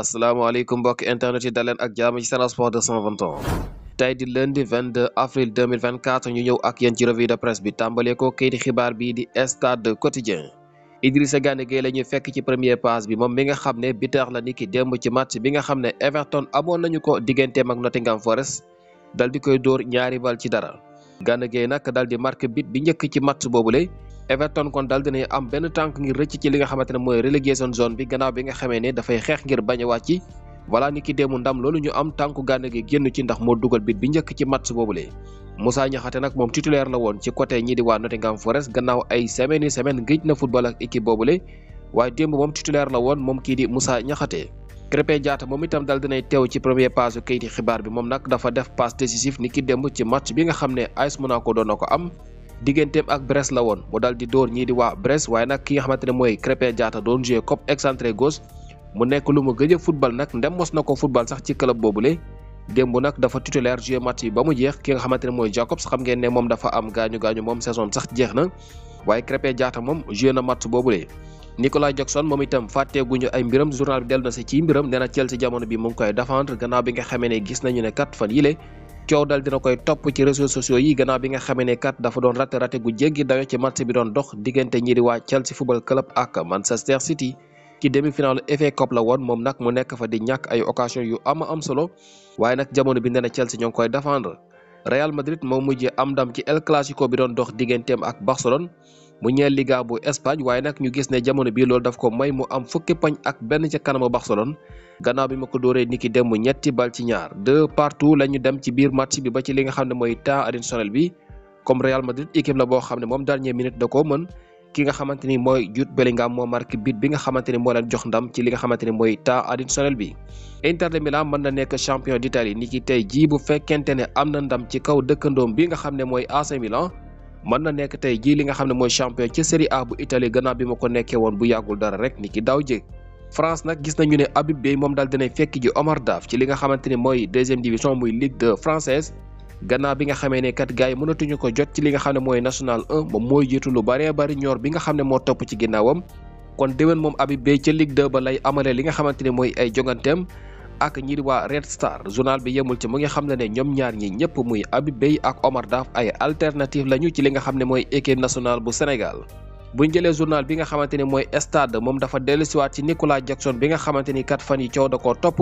asalaamaaleykum mbokk internet yi daleen ak jàmm ci de Sport 221 tey di lundi 22 avril 2024 ñu ñëw ak yéen ci revue de presse bi tàmbale ko kayiti xibaar bii di stade quotidien Idrissa Gana Gueye la ñuy fekk ci premier passe bi moom mi nga xam ne bitaar la niki démb ci match bi nga xam ne Everton amoon nañu ko digganteem ak Nottingham Forest dal di koy dóor ñaari bal ci dara Gana Gueye nag dal di marqué bit bi njëkk ci match boobule Everton kon daal dina am benn tànk ngir rëcc ci li nga xamante ne mooy relegation zone bi gannaaw bi nga xamee ne dafay xeex ngir bañ a wàcc voilà ni ki deemu ndam loolu ñu am tànku gànna gi génn ci ndax moo dugal bit bi njëkk ci match boobule Moussa Niakhaté nag moom titulaire la woon ci côté ñi di waa Nottingham Forest gannaaw ay semaine yi semaine géej na football ak équipe boobule waaye démb moom titulaire la woon moom kii di Moussa Niakhaté Krépin Diatta itam daal dinay teew ci premier passe kayiti xibaar bi moom nag dafa def passe ni ki démb ci match bi nga xam ne AS Monaco doon na am digganteem ak Brest la woon mu dal di dóor ñii di waa Brest waaye nag ki nga xamante ne mooy Krépin Diatta doon joué comme excentré gauche mu nekk lu mu gëj a football nag ndem mos na ko football sax ci club boobule. démb nag dafa titulaire joué match yi ba mu jeex ki nga xamante ne mooy Jacobs xam ngeen ne moom dafa am gaañu gaañu moom saison sax jeex na waaye Krépin Diatta moom joué na match boobule. Nicolas Jackson moom itam fàtteeguñu ay mbiram journal bi dellu na si ci jamono bi mu ngi koy défendre nga xamee ne gis nañu ne kat fan yile coow dal dina koy topp ci réseaux sociaux yi gannaaw bi nga xamee ne kat dafa doon raté raté gu jéggi dayo ci match bi doon dox diggante ñi di waa Chelsea football club ak Manchester City. ci demi-finale FA Cup la woon moom nag mu nekk fa di ñàkk ay occasion yu ama am solo waaye nag jamono bi nee na Chelsea ñoo ngi koy défendre Real Madrid moo mujjee am ndam ci El Clasico bi doon dox digganteem ak Barcelone. mu ñeel liga bu Espagne waaye nag ñu gis ne jamono bii loolu daf ko may mu am fukki poñ ak benn ca kanamu Barcelone gannaaw bi ma ko dóoree niki dem mu ñetti bal ci ñaar deux partout la dem ci biir match bi ba ci li nga xam ne mooy temps additionnel bi comme Real Madrid équipe la boo xam ne moom dernière minute da koo mën ki nga xamante ni mooy Jude Bellingham moo marqué but bi nga xamante ni leen jox ndam ci li nga xamante ni mooy temps additionnel bi. Inter de Milan mën na nekk champion d'Italie tey jii bu fekkente ne am na ndam ci kaw dëkkandoom bi nga xam ne mooy AC Milan. mën na nekk tey jii li nga xam ne mooy champion ci Serie A bu Italie gannaaw bi ma ko nekkee woon bu yàggul dara rek ni ki daw jéeg France nag gis nañu ne Habib Beye moom daal dinay fekk ji Omar Daf ci li nga xamante ni mooy deuxième division muy Ligue 2 française gannaaw bi nga xamee ne kat gars yi mënatuñu ko jot ci li nga xam ne mooy national 1 moom mooy jiitu lu bëree bëri ñor bi nga xam ne moo topp ci ginnaawam kon déwén moom Habib Beye ca Ligue ba lay amalee li nga xamante ni mooy ay jonganteem ak ñi di waa Red Star journal bi yemul ci mu ngi xam ne ne ñoom ñaar ñi ñëpp muy Habib Beye ak Omar Daf ay alternative lañu ci li nga xam ne mooy équipe nationale bu Sénégal. buñ jëlee journal bi nga xamante ni mooy stade moom dafa dellusiwaat ci Nicolas Jackson bi nga xamante ni kat fan yi coow da koo topp.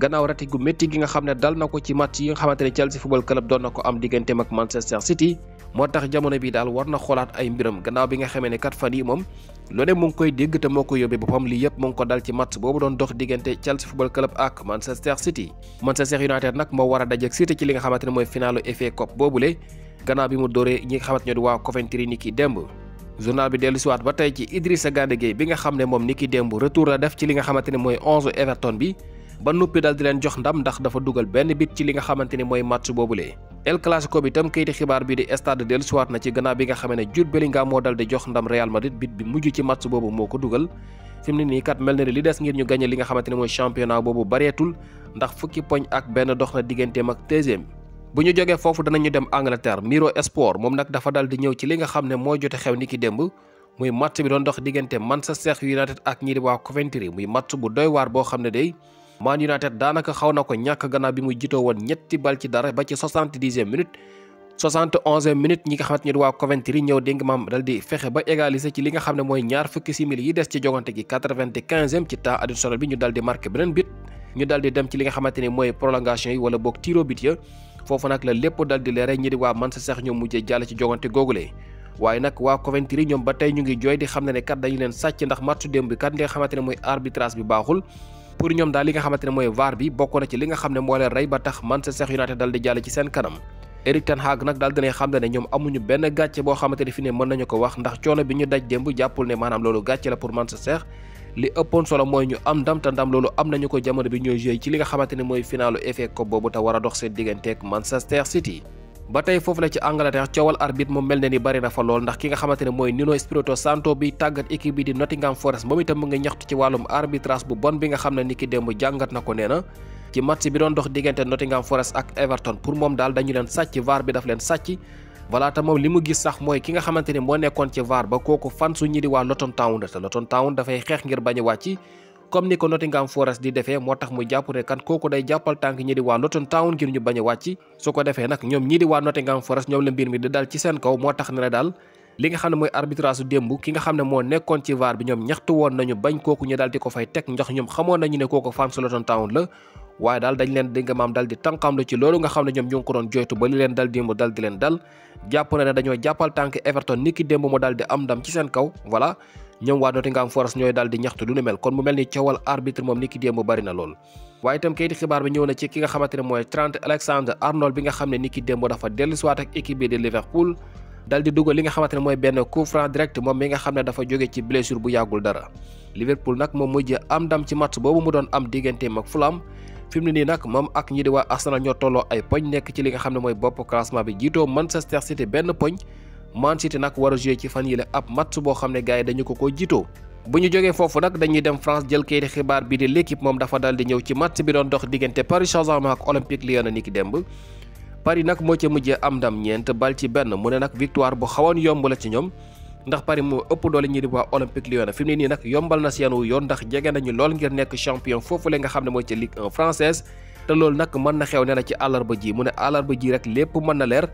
gannaaw rati gu métti gi nga xam ne dal na ko ci match yi nga xamante ne Chelsea football club doon na ko am digganteem ak Manchester City. moo tax jamono bi daal war na xoolaat ay mbiram gannaaw bi nga xamee ne kat fan yi moom lu mu ngi koy dégg te moo ko yóbbee boppam lii yëpp mu ngi ko dal ci match boobu doon dox diggante Chelsea Football Club ak Manchester City Manchester United nag moo war a dajeek City ci li nga xamante ne mooy finaalu FA Cup boobule gannaaw bi mu dóoree ñi nga xamante ñoo di waa Coventry ni démb journal bi dellu siwaat ba tey ci Idrissa Gana Gueye bi nga xam ne moom ni ki démb retour def ci li nga xamante ne mooy 11 Everton bi ba noppi dal di leen jox ndam ndax dafa dugal benn bit ci li nga xamante ni mooy boobu boobulee El Clasico bi itam kayiti xibaar bi di stade dellu siwaat na ci gannaaw bi nga xamee ne Jude Bellingham moo dal di jox ndam Real Madrid bit bi mujj ci match boobu moo ko dugal fi mu ne mel na ni li des ngir ñu gagné li nga xamante ne mooy championnat boobu bareetul ndax fukki poñ ak benn dox na digganteem ak deuxième bu ñu jógee foofu danañu dem Angleterre Miro Sport moom nag dafa dal di ñëw ci li nga xam ne moo jote xew ni ki démb muy match bi doon dox diggante Manchester United ak ñi waa Coventry muy match bu doy waar boo xam ne day Man United daanaka xaw na ko ñàkk gannaaw bi mu jitoo woon ñetti bal ci dara ba ci soixante-dixième minute soixante-onzième minute ñi nga xamante ne waa Coventry xam ne mooy ñaar fukki simili yi des ci jogante gi quatre-vingt-quinzième ci temps additionnel bi ñu dal di marqué beneen but ñu dal di dem ci li nga xamante ne mooy prolongation yi wala boog tiro but ya foofu waa Manchester ñoom mujjee jàll ba tey ñu ngi jooy di xam ne ne kat dañu leen sàcc ndax match démb bi kat li nga xamante ne mooy arbitrage bi baaxul pour ñoom daal li nga xamante ne mooy VAR bi bokk na ci li nga xam ne moo leen rey ba tax Manchester United daal di jàll ci seen kanam Eric Ten Hag nag daal dinay xam ne ñoom amuñu benn gàcce boo xamante ne fi ne mën nañu ko wax ndax coono bi ñu daj démb jàppul ne maanaam loolu gàcce la pour Manchester li ëppoon solo mooy ñu am ndam te ndam loolu am nañu ko jamono bi ñooy joué ci li nga xamante ne mooy finaalu FA Cup boobu te war a dox seen digganteeg Manchester City ba tey foofu la ci Angleterre coowal arbitre moom mel ne ni bari na fa lool ndax ki nga xamante ne mooy Nuno Espirito Santo bi tàggat équipe bi di Nottingham Forest moom itam mu ngi ñaxtu ci wàllum arbitrage bu bon bi nga xam ne ni ki démb jàngat na ko nee na ci match bi doon dox diggante Nottingham Forest ak Everton pour moom daal dañu leen sàcc VAR bi daf leen sàcc voilà te moom li mu gis sax mooy ki nga xamante ni moo nekkoon ci VAR ba kooku fan su ñi di waa Luton Town te Luton Town dafay xeex ngir bañ comme ni ko Nottingham Forest di defee moo tax mu jàpp ne kan kooku day jàppal tànk ñi di waa Luton Town ngir ñu bañ wàcc su ko defee nag ñoom ñi di waa Nottingham Forest ñoom la mbir mi di dal ci seen kaw moo tax ne la daal li nga xam ne mooy arbitrage su démb ki nga xam ne moo nekkoon ci VAR bi ñoom ñaxtu woon nañu bañ kooku ñu daal di ko fay teg ndax ñoom xamoon nañu ne kooku fan su Luton Town jàppal tànk Everton ni démb mu daal di am ndam ci seen kaw voilà ñoom waa Nottingham Forest ñooy daal di ñaxtu lu nu mel kon mu mel ni coowal arbitre moom ni démb bari na lool waaye itam kayiti xibaar bi ñëw na ci ki nga xamante ne mooy Trent Alexander-Arnold bi nga xam ne ni ki démb dafa dellusiwaat li nga xamante ne mooy benn coup franc direct moom mi nga xam ne dafa jóge ci blessure bu yàggul dara Liverpool nag moom mujj am ndam ci match boobu mu doon am digganteem ak Fulham fi mu ne nii nag moom ak ñi di waa Arsenal ñoo tolloo ay poñ nekk ci li nga xam ne mooy bopp classement bi jiitoo Manchester City benn poñ Man City nag war a joué ci fan yi la ab match boo xam ne gars yi dañu ko ko jiitoo bu ñu jógee foofu nag dañuy dem France jël kayiti xibaar bi di l'équipe moom dafa dal di ñëw ci match bi doon dox diggante Paris Saint-Germain ak Olympique Lyon niki démb Paris nag moo ca mujjee am ndam ñeent bal ci benn mu ne nag victoire bu xawoon yomb la ci ñoom ndax Paris moo ëpp doole ñi di waa Olympique Lyon fi ne nii nag yombal na seen wu yoon ndax jege nañu lool ngir nekk champion foofu la nga xam ne mooy ca Ligue 1 te loolu nag mën na xew nee na ci àllarba ji mu ne àllarba jii rek lépp mën na leer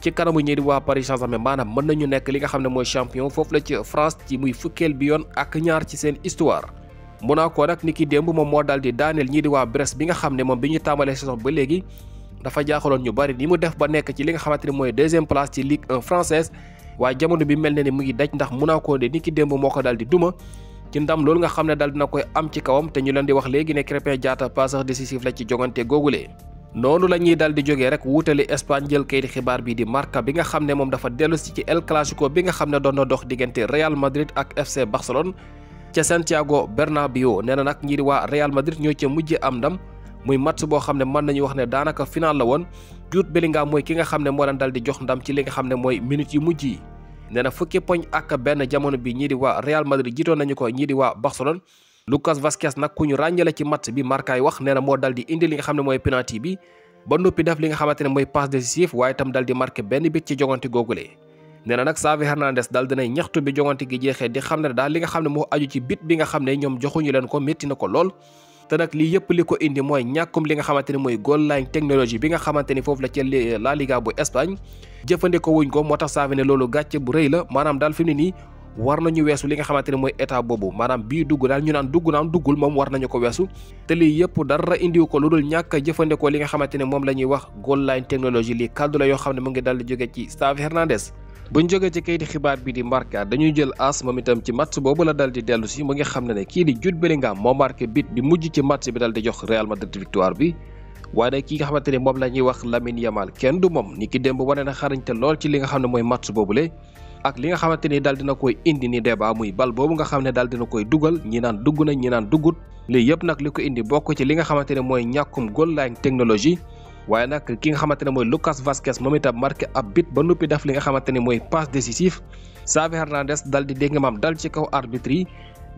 ci kanamu ñi di waa Paris saint maanaam mën nañu nekk li nga xam ne mooy champion foofu la ci France ci muy fukkeel bi yoon ak ñaar ci seen histoire. Monaco nag ni ki démb moom moo daal di daaneel ñii di waa bi nga xam ne moom bi tàmbalee saison ba léegi dafa jaaxaloon ñu bari ni mu def ba nekk ci li nga xamante ne mooy deuxième place ci Ligue 1 française waaye jamono bi mel na ne mu ngi daj ndax Monaco de ni ki démb moo ko daal di duma. ci ndam loolu nga xam ne daal dina koy am ci kawam te ñu leen di wax léegi ne Krépin Diatta passeur décisif la ci jogante googulee noonu la ñuy daal di jógee rek wuutali Espagne jël kayit xibaar bii di marka bi nga xam ne moom dafa dellu si ci El Clasico bi nga xam ne doon na dox diggante Real Madrid ak FC Barcelone ca Santiago Bernabéu nee na nag ñi di waa Real Madrid ñoo ca mujj am ndam muy match boo xam ne mën nañu wax ne daanaka final la woon Jude Bellingham mooy ki nga xam ne moo daan daal di jox ndam ci li nga xam ne mooy minutes yu mujj yi nee na fukki poñ ak benn jamono bi ñii di waa Real Madrid jiitoon nañu ko ñii di waa Barcelone Lucas Vazquez nag ku ñu ràññale ci match bi markaay wax nee na moo dal di indi li nga xam ne mooy penalty bi ba noppi def li nga xamante ne mooy passe décisif waaye itam dal di marqué benn bit ci jongante googulee nee na nag Xavi Hernandez dal dinay ñaxtu bi jongante gi jeexee di xam ne daal li nga xam ne moo aju ci bit bi nga xam ne ñoom joxuñu leen ko métti na ko lool te nag yëpp li ko indi mooy ñàkkum li nga xamante ne mooy goal line technologie bi nga xamante ni foofu la ca La Liga bu Espagne jëfandikoo wuñ ko moo tax saafi ne loolu gàcce bu rëy la maanaam daal fi mu ne nii war nañu weesu li nga xamante ne mooy état boobu maanaam bii dugg daal ñu naan dugg naan duggul moom war nañu ko weesu te lii yëpp dara indiwu ko lu dul ñàkk jëfandikoo li nga xamante ne moom la ñuy wax gold line technologie lii kàddu la yoo xam ne mu ngi dal di jóge ci Xavi Hernandez buñ jógee ci kayiti xibaar bi di Marca dañuy jël as moom itam ci match boobu la dal di dellu si mu ngi xam ne ne kii di Jude Bellingham moo marqué bit bi mujj ci match bi dal di jox Real Madrid bi waaye nag ki nga xamante ni moom la ñuy wax Lamine Yamal kenn du moom ni ki démb wane na xarañte lool ci li nga xam ne mooy match boobule ak li nga xamante ni daal dina koy indi ni débat ah muy bal boobu nga xam ne daal dina koy dugal ñi naan dugg na ñi naan duggut lii yëpp nag li ko indi bokk ci li nga xamante ne mooy ñàkkum goal line technologie waaye nag ki nga xamante ne mooy Lucas Vazquez moom itam marqué ab bit ba noppi def li nga xamante ne mooy passe décisif Xavi Hernandez dal di dégg maam dal ci kaw arbitre yi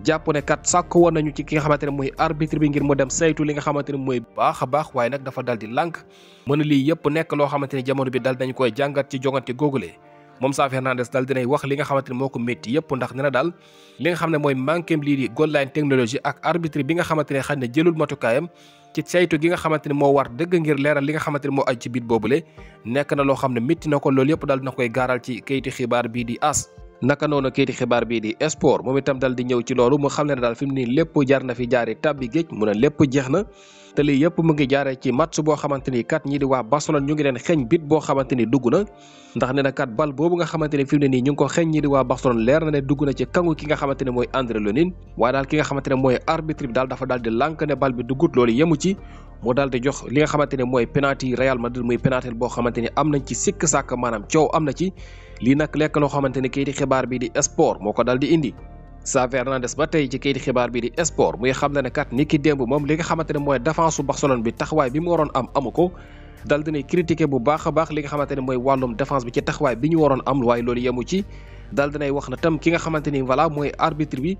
jàpp ne sàkk woon nañu ci ki nga xamante ne mooy arbitre bi ngir mu dem saytu li nga xamante ne mooy baax a baax waaye nag dafa dal di lànk mën a lii yëpp nekk loo xamante ne jamono bi dal nañ koy jàngat ci jongante googule moom Safi Hernandez dal dinay wax li nga xamante ne moo ko métti yëpp ndax nee na daal nga xam ne mooy manqué lii di goal line ak arbitre bi xamante ne xëy na jëlul matukaayam ci saytu gi nga xamante ne moo war dëgg ngir leeral li nga xamante ne moo aj ci biit le nekk na loo xam ne métti na ko loolu yëpp dal dina koy gaaral ci kayiti xibaar bii di as naka noonu kayiti xibaar bii di sport moom itam dal di ñëw ci loolu mu xam ne daal fi mu nii lépp jar fi jaari tàbbi géej mu ne lépp jeex na te lii yëpp mu ngi jaaree ci match boo xamante ni kat ñii di waa Barcelone ñu ngi leen xeeñ bit boo xamante dugg na ndax nee na kat bal boobu nga xamante ni fi mu ne nii ñu ngi ko xeeñ ñii di waa Barcelone leer na ne dugg na ci kangu ki nga xamante ne mooy André Lonin waaye daal ki nga xamante ne mooy arbitre bi daal dafa daal di lànk ne bal bi duggut loolu yemu ci mu daal di jox li nga xamante ne mooy penalty Real Madrid muy penalty boo xamante ni am nañ ci sikk sàkk maanaam na ci lii nag lekk loo xamante ni kayiti xibaar bi di sport moo ko daal di Xavi Hernandez ba tey ci kayiti xibaar bi di sport muy xam ne ne kat ni ki démb moom li nga xamante ne mooy défense su Barcelone bi taxawaay bi mu waroon am amu ko dal dinay bu baax a baax li nga xamante ne mooy wàllum défense bi ci taxawaay bi ñu waroon am waaye loolu yemu ci dal dinay wax na tam ki nga xamante ni voilà mooy arbitre bi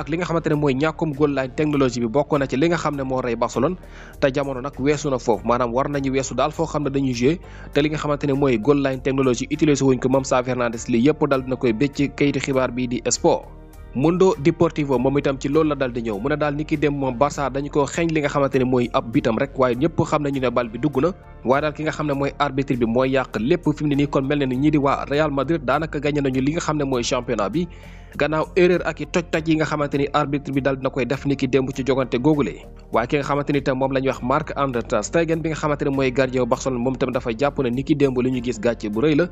ak li nga xamante ne mooy ñàkkum goal line technologie bi bokk na ci li nga xam ne moo rey Barcelone te jamono nag weesu na foofu maanaam war nañu weesu daal foo xam ne dañuy joué te li nga xamante ne mooy goal line technologie utilisé wuñ ko moom Xavi Hernandez lii yëpp dal dina koy bécc kayiti xibaar bii di Mundo Deportivo mom itam ci loolu la dal di ñëw mu ne daal niki dem moom Barça dañ ko xeñ li nga xamante ne mooy ab bitam rek waaye ñëpp xam nañu ne bal bi dugg na waaye daal ki nga xam ne mooy arbitre bi mooy yàq lépp fi mu kon mel na ni ñii di waa Real Madrid daanaka gagné nañu li nga xam ne mooy championnat bi gannaaw erreur ak i toj toj yi nga xamante ni arbitre bi dal dina koy def ki démb ci jogante googule waaye ki nga xamante ni tam moom la ñuy wax Marc andre ter Stegen bi nga xamante ne mooy gardien Barcelone moom tam dafa jàpp ne ki démb li ñu gis gàcce bu rëy la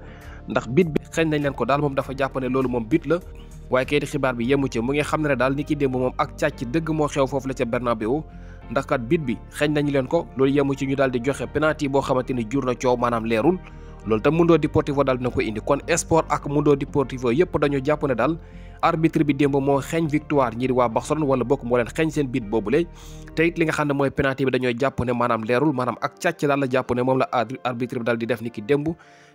ndax bit bi xeñ nañ leen ko daal moom dafa jàpp ne loolu moom bit la waaye kayiti xibaar bi yemu ci mu ngi xam ne daal ni ki démb moom ak càcc dëgg moo xew foofu la bi Bernabeu ndax kat bit bi xeñ nañu leen ko loolu yemu ci ñu daal di joxe penalty boo xamante ni jur na coow maanaam leerul loolu tam Mundo Deportivo daal dina ko indi kon sport ak Mundo Deportivo yëpp dañu jàpp ne daal arbitre bi démb moo xeeñ victoire ñi di waa Barcelone wala bokk moo leen xeeñ seen bit boobule te it li nga xam ne mooy penalty bi dañoo jàpp ne maanaam leerul maanaam càcc daal la jàpp ne moom la arbitre bi daal di def ni ki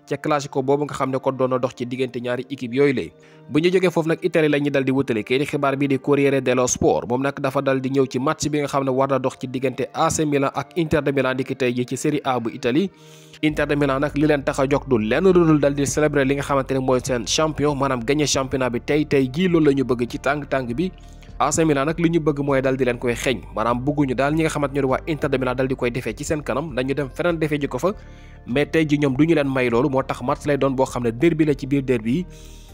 ca classico boobu nga xam ne kon doon na dox ci diggante ñaari équipe yooyu lay bu ñu jógee foofu nag Italie la ñu dal di wutale kii xibaar bi di Corriere dello Sport moom nag dafa dal ñëw ci match bi nga xam ne war na dox ci diggante AC ak Inter de Milan di tey ji ci Serie A bu Italie Inter de Milan nag li leen tax a jog du lenn lu dul célébrer li nga xamante mooy seen champion maanaam gagné championnat bi tey tey jii loolu la ñu bëgg ci bi AC Milan nag li ñu bëgg mooy dal di leen koy xeeñ maanaam bëgguñu daal ñi nga xamat ñoo di waa Inter de dal di koy defee ci seen kanam dañu dem feneen defee ji ko fa mais tey ji ñoom du ñu leen may loolu moo tax match lay doon boo xam ne derby la ci biir derby yi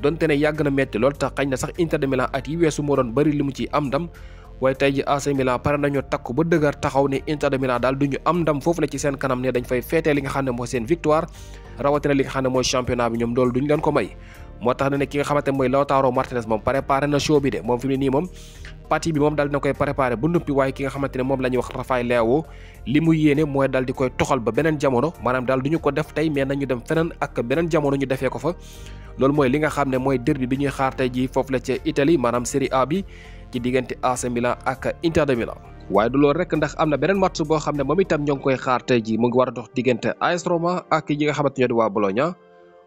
donte ne yàgg na metti loolu tax xañ na sax Inter de Milan at yi weesu moo doon bëri li mu ciy am ndam waaye tey ji AC Milan pare nañoo takku ba dëgër taxaw ne Inter de daal du ñu am ndam foofu la ci seen kanam ne dañ fay feetee li nga xam ne mooy seen victoire rawatina li nga xam ne mooy championnat bi ñoom loolu duñu leen ko may moo tax ne ki nga xamante moy Lautaro Martinez mom préparer na show bi de mom fimni ni mom parti bi mom dal dina koy bu nuppi way ki nga xamante mom moom wax Rafael Leao limu mu moy dal di koy toxal ba benen jamono manam dal duñu ko def tay mais nañu dem fenen ak benen jamono ñu defee ko fa loolu moy li nga xam moy derby bi ñuy xaar tay ji fofu la ci Italie manam Serie A bi ci digënté AC Milan ak Inter de Milan waye du loolu rek ndax amna benen match bo xamne momi tam ñong koy xaar tay ji mu ngi wara dox digënté AS Roma ak yi nga xamante ñoo Bologna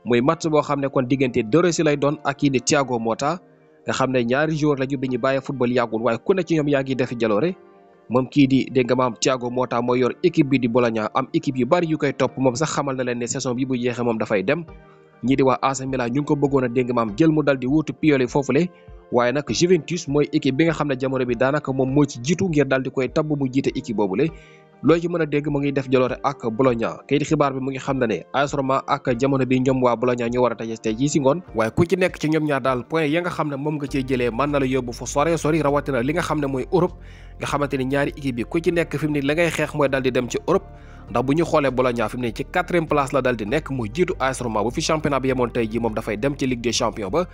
mooy match boo xam ne kon diggante Dorosi lay doon a kii di Thiago Motta nga xam ne ñaari joueur lañu bi ñu bàyyee football yàggul waaye ku ne ci ñoom yaa ngi def jaloore moom kii di dégg nga maam Thiago Motta mooy yor équipe bi di Bologna am équipe yu bari yu koy topp moom sax xamal na leen ne saison bi bu jeexee moom dafay dem ñii di waa AC Milan ko bëggoon a dégg maam jël mu dal di wuutu Pioli foofule waaye nag Juventus mooy équipe bi nga xam ne jamono bi daanaka moom moo ci jiitu ngir daal di koy tabb mu jiite équipe boobule loo ci mën a dégg mu ngi def jaloore ak Bologna kayit xibaar bi mu ngi xam ne ne AS Roma ak jamono bi ñoom waa Bologna ñu war a taje tey jii si ngoon waaye ku ci nekk ci ñoom ñaar daal point ya nga xam ne moom nga cee jëlee mën na la yóbbu fu sore sori rawatina li nga xam ne mooy Europe nga xamante ni ñaari équipe yi ku ci nekk fi mu ni la ngay xeex mooy daal di dem ci Europe ndax bu ñu xoolee Bologna fi mu ne ci quatrième place la dal di nekk muy jiitu AS Roma bu fi championnat bi yemoon tey ji moom dafay dem ci Ligue des champions ba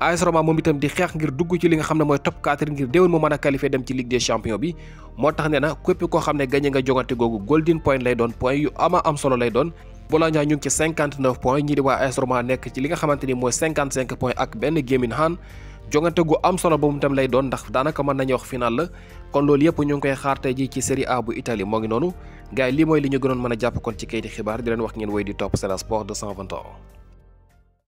AS Roma moom itam di xeex ngir dugg ci li nga xam ne mooy top 4 ngir déwén mu mën a qualifié dem ci Ligue des champions bi ne na képp koo xam ne point lay am solo lay doon Bologna ñu ngi ci 59 points ñii di waa AS Roma nekk ci li nga xamante ni mooy 55 points ak benn gémin han jongante gu am solo ba mu tam lay doon ndax daanaka mën nañu wax final la kon loolu yëpp ñu ngi koy xaar tey ci Serie A bu Italie moo ngi noonu gars lii mooy li ñu gënoon mën a jàpp kon ci kayiti xibaar di leen wax ngeen woy di topp Sen Sports 221